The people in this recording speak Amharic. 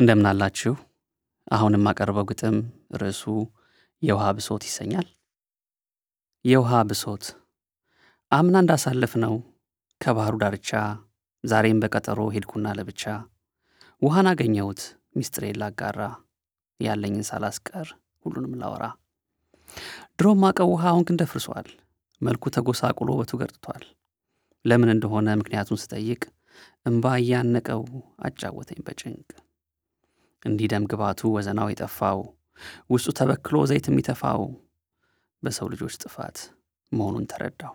እንደምናላችሁ አሁን የማቀርበው ግጥም ርዕሱ የውሃ ብሶት ይሰኛል። የውሃ ብሶት አምና ነው ከባህሩ ዳርቻ ዛሬም በቀጠሮ ሄድኩና ለብቻ ውሃን አገኘሁት ሚስጥሬን ላጋራ ያለኝን ሳላስቀር ሁሉንም ላወራ ድሮ ማቀው ውሃ አሁን ግን ደፍርሷል መልኩ ተጎሳቁሎ ውበቱ ገርጥቷል ለምን እንደሆነ ምክንያቱን ስጠይቅ እምባ እያነቀው አጫወተኝ በጭንቅ እንዲደም ግባቱ ወዘናው የጠፋው ውስጡ ተበክሎ ዘይት የሚተፋው በሰው ልጆች ጥፋት መሆኑን ተረዳው።